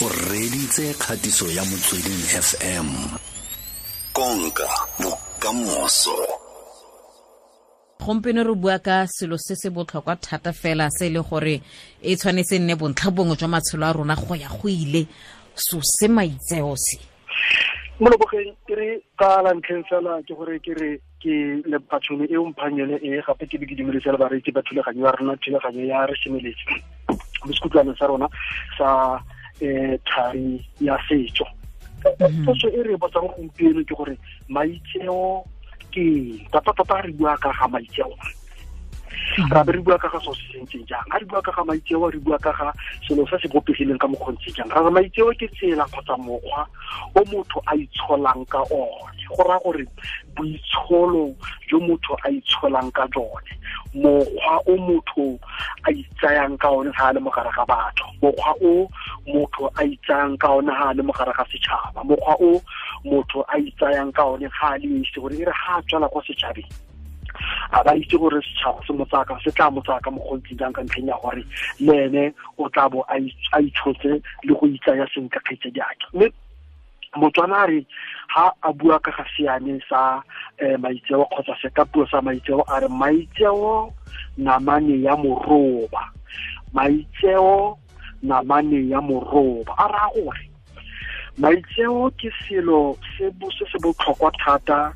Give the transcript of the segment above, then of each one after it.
o reditse kgatiso ya motsweding fm konka bokamoso gompieno re bua ka selo se se botlhokwa thata fela se e le gore e tshwanetse e nne bontlha bongwe jwa matshelo a rona go ya go ile so se maitseo se mo lebogeng ke re ka la fela ke gore ke re ke le batsholo e omphang yone e gape ke be ke dumedisa le bareetsi ba thulaganyo ya rona thulaganyo ya re semeletse mo sekhutlwaneng sa rona sa eh thari ya setso s o s o e re botsang gompieno ke gore maitseo ke t a t a t o t a re bua ka ga maitseo ra re bua ka ga so se sentseng jang ga re bua ka ga maitse maitseo re bua ka ga selo se se bopegileng ka mokgontse jang ra maitse maitseo ke tsela kgotsa mokgwa o motho a itsholang ka one go raya gore boitsholo jo motho a itsholang ka jone mokgwa o motho a itsayang ka one ga a le mogare ga batho mokgwa o motho a itsayang ka one ga a le mogare ga setšhaba mokgwa o motho a itsayang ka one ga a le esi gore e re ga a tswela kwa setšhabeng a ba itse gore setšhaba se motsaka se tla motsaka mo gontsi jang ka ntlheng ya gore le ene o tla bo a itshotse le go itsaya seng ka kgaitsadi ake mme motswana re ha a bua ka ga seane sa eh, maitseo kgotsa se ka puo sa maitseo a re maitseo namane ya moroba maitseo namane ya moroba a raya gore maitseo ke selo se se botlhokwa thata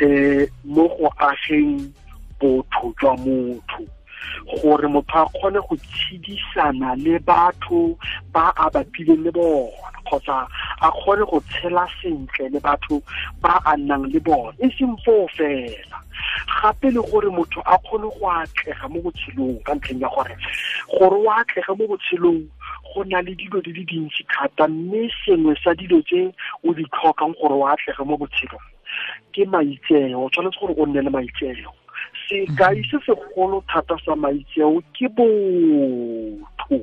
um mo go ageng botho jwa motho gore motho a kgone go tshedisana le batho ba a bapileng le bona kgotsa a kgone go tshela sentle le batho ba a nnang le bona e seng foo fela gape le gore motho a kgone go atlega mo botshelong ka ntlheng ya gore gore o atlege mo botshelong go na le dilo di le dintsi thata mme sengwe sa dilo tse o di tlhokang gore o atlege mo botshelong ke maitseo o tshwanetse gore o nne le maitseo sekai se segolo thata sa maitseo ke botho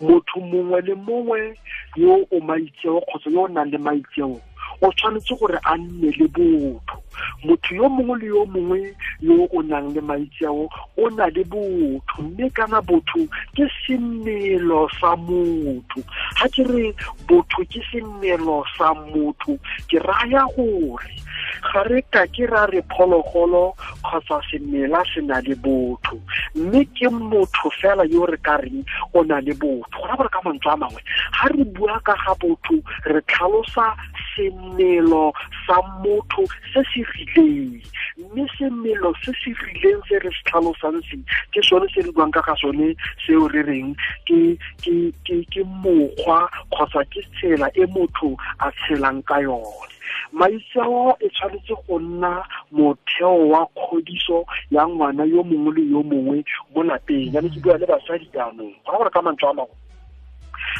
motho mongwe le mongwe yo o maitseo kgotsa yo o nang le maitseo o tshwanetse gore a nne le botho motho yo mongwe le yo mongwe yo o nang le maitseo o na le botho mme kana botho ke semelo sa motho ga ke re botho ke semelo sa motho ke raya gore ga re ka ke ra re phologolo kgotsa semela se na le botho mme ke motho fela yo re ka reng o na le botho gona gore ka mantswe a mangwe ga re bua ka ga botho re tlhalosa semelo sa motho se se rileng mme semelo se se rileng se re se tlhalosang se ke sone se re buang ka ga sone seo re reng ke mokgwa kgotsa ke tsela e motho a tshelang ka yone maitseo e tshwanetse go nna motheo wa kgodiso ya ngwana yo mongwe le yo mongwe mo lapeng yane ke bua le basadi jaanong ga gore ka mantswe a mangwe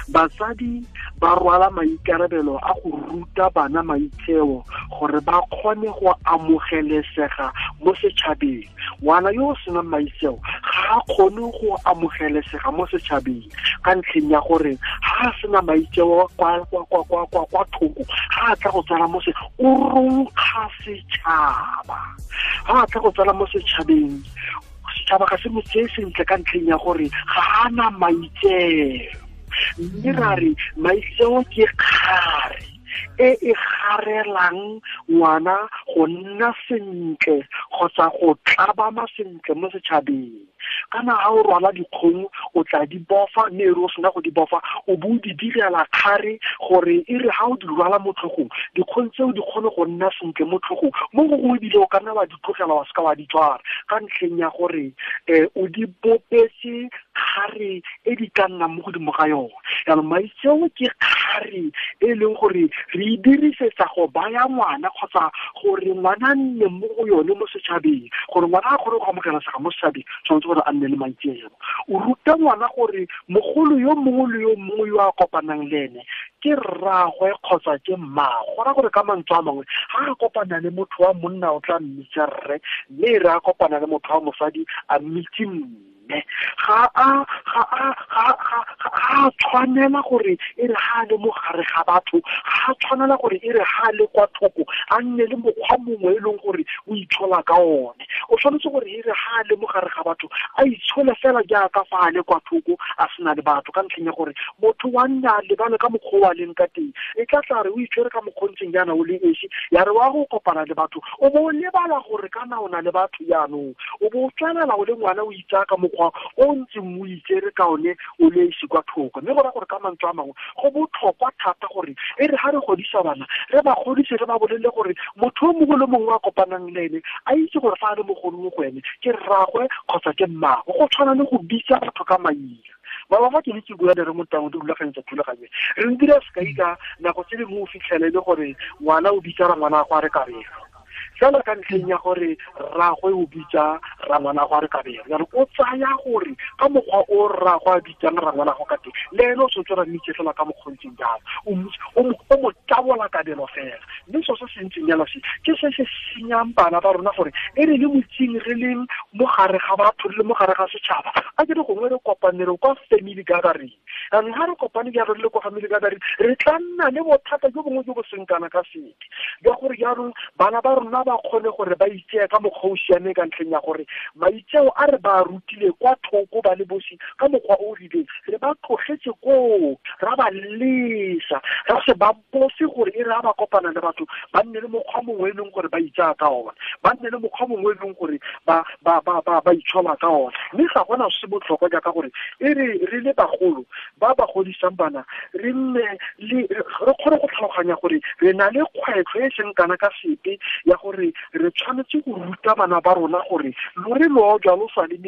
basadi ba rwala maikarabelo a go ruta bana maitheo gore ba kgone go amogelesega mo setšhabeng ngwana yo o senang maitseo ga a kgone go amogelesega mo setšhabeng ka ntlheng ya gore ga a sena maitseo kwa thoko ga a tla go tswala mo se o ronkga setšhaba ga a tla go tswala mo setšhabeng setšhaba ga se mo tseye sentle ka ntlheng ya gore ga a na maitseo mme ra re maitseo ke kgare e e garelang ngwana go nna sentle kgotsa go tlabama sentle mo setšhabeng kana ga o rwala dikgomo o tla di bofa mme e re o sena go di bofa o bo o di direla kgare gore e re ga o di rwala mo tlhogong dikgong tseo di kgone go nna sentle mo tlhogong mo go go ebile o ka nna wa di tlogela wa seka wa di tswara ka ntlheng ya gore um o di bopetse kgare e di ka nnang mo godimo ga yone yanong maitseo ke kgare re e leng gore re e dirisetsa go baya ngwana kgotsa gore ngwana nne mo go yone mo setšhabeng gore ngwana a kgone go amogelasega mo setšhabeng tshwanetse gore a nne le maitseo o ruta ngwana gore mogolo yo mongwe le yo mongwe yo a kopanang le ene ke rragwe kgotsa ke mmago go raya gore ka mantswe a mangwe ga a kopana le motho wa monna o tla mmitsa rre mme re a kopana le motho wa mosadi a mmitse mme mme ga a tshwanela gore e re ga a le mogare ga batho ga a tshwanela gore e re ga le kwa thoko a nne le mokgwa mongwe e leng gore o itshola ka one o tshwanetse gore e re ga a le mogare ga batho a itshole fela jaaka fa a le kwa thoko a sena le batho ka ntlheng ya gore motho wa nna a lebale ka mokgwa wa leng ka teng e tla tla re o itshwere ka mokgontseng jaana o le esi ya re wa go kopana le batho o bo o lebala gore kana o na le batho jaanong o bo o tswelela o le ngwana o itsaya ka mokgwa mokgwa o ntse mmu ikere ka one o le isi kwa thoko mme go raya gore ka mantswe a mangwe go botlhokwa thata gore e re ga re godisa bana re ba godise re ba bolelele gore motho o mongwe le mongwe a kopanang le ene a itse gore fa a le mo go ene ke rragwe kgotsa ke mmago go tshwana le go bitsa batho ka maina baba fa ke le ke bua le re motang o di rulaganyetsa thulaganyo re ntire sekai ka nako tse dingwe o fitlhelele e gore ngwana o bitsa ra ngwana a go a re kabelo fela ka ntlheng ya gore rragwe o bitsa rangwana go a re kabere yare o tsaya gore ka mokgwa o rragwe a bitsang rangwana go ka teng le ene o setse ra mmitse fela ka mokgontseng jalo o mo tabola kabelo fela mme so se se ntseng se ke se se senyang bana ba rona gore e re le motsing re le mogare ga batho re le mogare ga setšhaba a ke re gongwe re kopanere kwa family gathering and ga re kopane jalo re le kwa family gathering re tla nna le bothata jo bongwe jo bo seng kana ka sepe ja gore jaanong bana ba rona ba kgone gore ba itseye ka mokgwa o siameng ka ntlheng ya gore maitseo a re ba rutile kwa thoko ba le bosi ka mokgwa o rileng re ba tlogetse koo ra ba lesa ra se ba bose gore e re a ba kopana le batho ba nne le mokgwa mongwe e leng gore ba itsaya ka ona ba nne le mokgwa mongwe e leng gore ba itshola ka ona mme ga gona se botlhokwa jaaka gore e re re le bagolo ba ba godisang bana re nne re kgone go tlhaloganya gore re na le kgwetlho e, e seng kana ka sepe ya gore re re tshwanetse go ruta bana ba rona gore lo re loo jalo sa le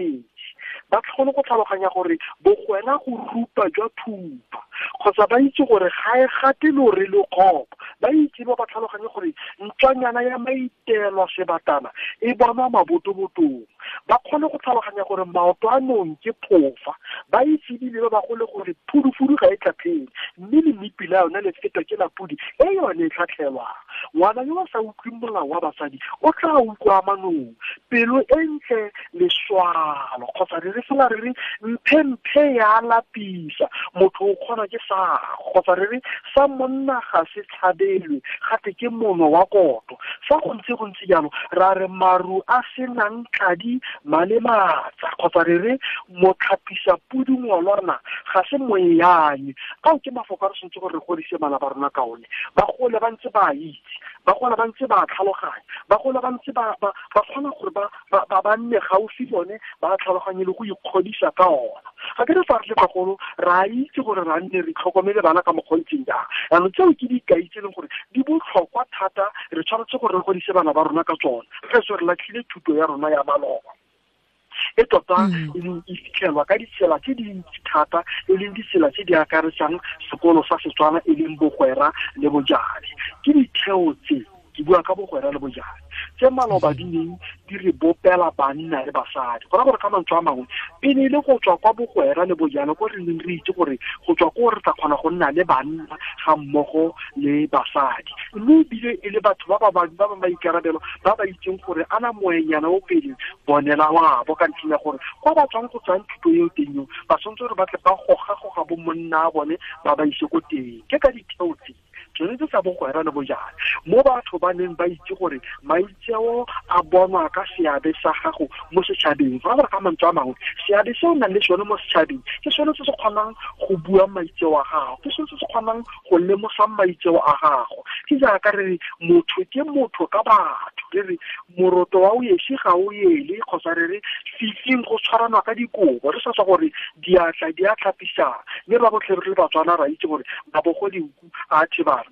ba tlhole go tlhaloganya gore bogwela go rupa jwa thupa kgotsa ba itse gore ga e gate lore le kgopo ba itse ba ba tlhaloganye gore ntswanyana ya maitelwa sebatana e bona mabotobotong ba kgone go tlhaloganya gore maoto a nong ke phofa ba itse ebile ba ba gole gore phudufudu ga e tlhapheng mme le mmipi yone le fetwa ke lapodi e yone e tlhatlhelwang ngwana yo wa sa utlwe molao wa basadi o tla utlwa manong pelo e ntle leswalo kgotsa re re fela re re mphemphe ya lapisa motho o kgona ke sago kgotsa re re sa monna ga se tlhabelwe gate ke mono wa koto fa go ntse go ntse jalo ra re maru a senang tladi male matsa kgotsa re re motlhapisa pudungwalwana ga se moeanye kao ke mafoko a re sentse gore re godise ba rona ka one ba gole ba ntse ba itse ba gola ba ntse ba tlhaloganya ba gola ba ntse ba ba kgona gore ba ba nne gaufi bone ba tlhaloganye le go ikgodisa ka ona ga ke re fa re le bagolo re a itse gore ra nne re tlhokomele bana ka mokgontseng jang yanong tseo ke dikai tse e leng gore di botlhokwa thata re tshwanetse gore re godise bana ba rona ka tsone re re latlhile thuto ya rona ya maloba e tota e fitlhelwa ka ditsela tse dintsi thata e leng ditsela tse di akaretsang sekolo sa setswana e leng bogwera le bojadi ke ditheo tse ke bua ka bogwera le bojadi tse maloba mm-hmm di re bopela banna le basadi gona gore ka mantswe a mangwe e ne e le go tswa kwa bogwera le bojana ko re neng re itse gore go tswa ko re tla kgona go nna le banna ga mmogo le basadi mme ebile e le batho ba ba ba maikarabelo ba ba itseng gore a na moenyana o pele bonela wabo ka ntlheng ya gore kwa ba tswang go tswang thuto eo teng eo ba tshwanetse gore ba tle ba gogagoga bo monna a bone ba ba ise ko teng ke ka ditheo tse seretse sa bogwera le bojana mo batho ba neng ba itse gore maitseo a bonwa ka seabe sa gago mo setšhabeng fa gore ka mantswe a mangwe seabe se o nang le sone mo setšhabeng ke sone se se kgonang go bua maitseo a gago ke sone se se kgonang go lemosang maitseo a gago ke jaaka re re motho ke motho ka batho re re moroto wa o esi ga o ele kgotsa re re fifing go tshwaranwa ka dikobo re sa tsa gore diatla di a tlhapisang mme ba botlhe re le batswana ra itse gore mabogodiku a thebana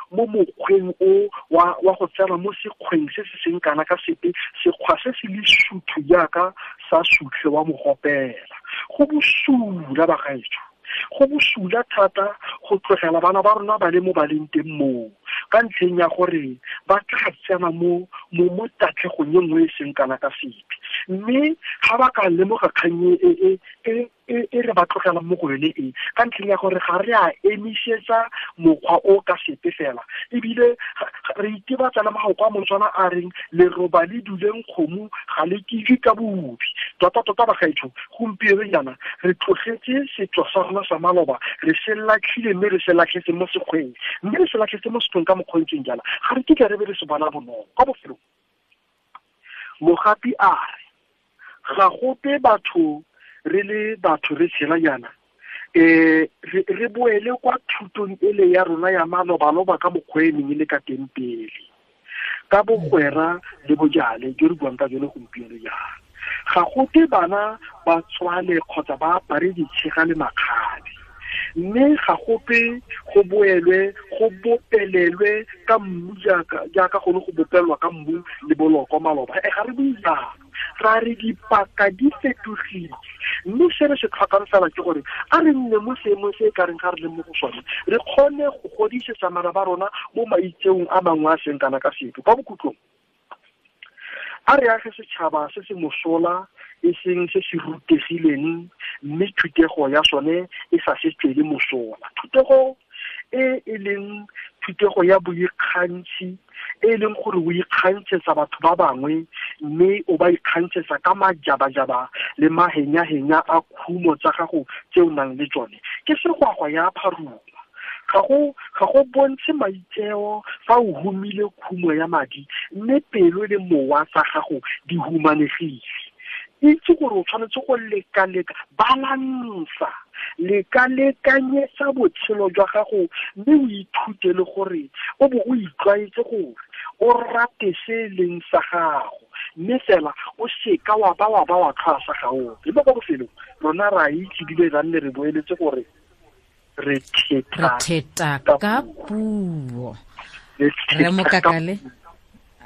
mo mokgweng o wa go tsena mo sekgweng se se seng kana ka sepe sekgwa se se le suthu jaaka sa sutlhe wa mogopela go bosula bagaetso go bosula thata go tlogela bana ba rona ba le mo baleng teng moo ka ntlheng ya gore ba tla tsena mo mo tatlhegong e nngwe e seng kana ka sepe mme ga ba ka lemoga kgang e, e, e, e re ba tlogelang mo go yone e ka ntlheng ya gore ga re a emisetsa mokgwa o ka sepe fela ebile re itebatsa le magoko a motswana a reng leroba le duleng kgomo ga le kile ka bobi tota-tota bagaetsho gompieno re tlogetse setso sa rona sa maloba re se latlhile mme re se latlhetse mo sekgweng mme re se latlhetse mo setsong ka mokgontseng jana ga re kitla re be re se bona bonolo kwa bofelong mogapi a re ga gope batho re le batho re tshela yana um eh, re boele kwa thutong e le ya rona ya malobaloba ka mokgwa e le ka teng pele ka bogwera le bojale jo re buang ka jone gompieno jang ga gote bana ba tswale kgotsa ba apare ditšhega le makgabe mme ga gope go boelwe go bopelelwe ka mmu jaaka gone go bopelwa ka mmu le boloko maloba e ga re buijang ra re dipaka di fetogile mme se re se tlhokang fela ke gore a re nne mo seemong se e ka reng ga re leng mo go sone re kgone go godisetsa ba rona mo maitseong a mangwe a seng kana ka sepe kwa bokhutlong a re age setšhaba se se mosola e seng se se rutegileng mme thutego ya sone e sa se tswele mosola thutego e e leng thutego ya boikgantshi e e leng gore o ikgantshetsa batho ba bangwe mme o ba ikgantšhetsa ka majabajaba le mahenyahenya a khumo tsa gago tse o nang le tsone ke segwagwa ya pharuma ga go ga go bontshe maitseo fa o humile khumo ya madi mme pelo le mowa sa gago di humanegile itse gore o tshwanetse go lekaleka balansa lekalekanyetsa botshelo jwa gago mme o ithute le gore o bo o itlwaetse gore o rate se e leng sa gago mme fela o seka wa ba wa ba wa tlhwasa gaope mo ka bofelong rona re a itse ebile ranne re boeletse gore re theta ka puo re mokakale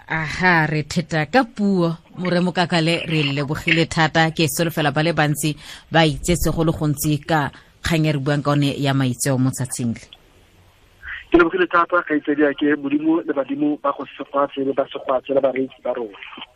aha re theta ka puo moremo moremokakale re lebogile thata ke solofela ba le bantsi ba itse segolo gontsi ka kgang e re buang ka one ya maitseo mo tsatsing ke lebogile thata ka itsedi e ya ke modimo le badimo ba go sefatshe le ba sefatshe le bareetsi ba rona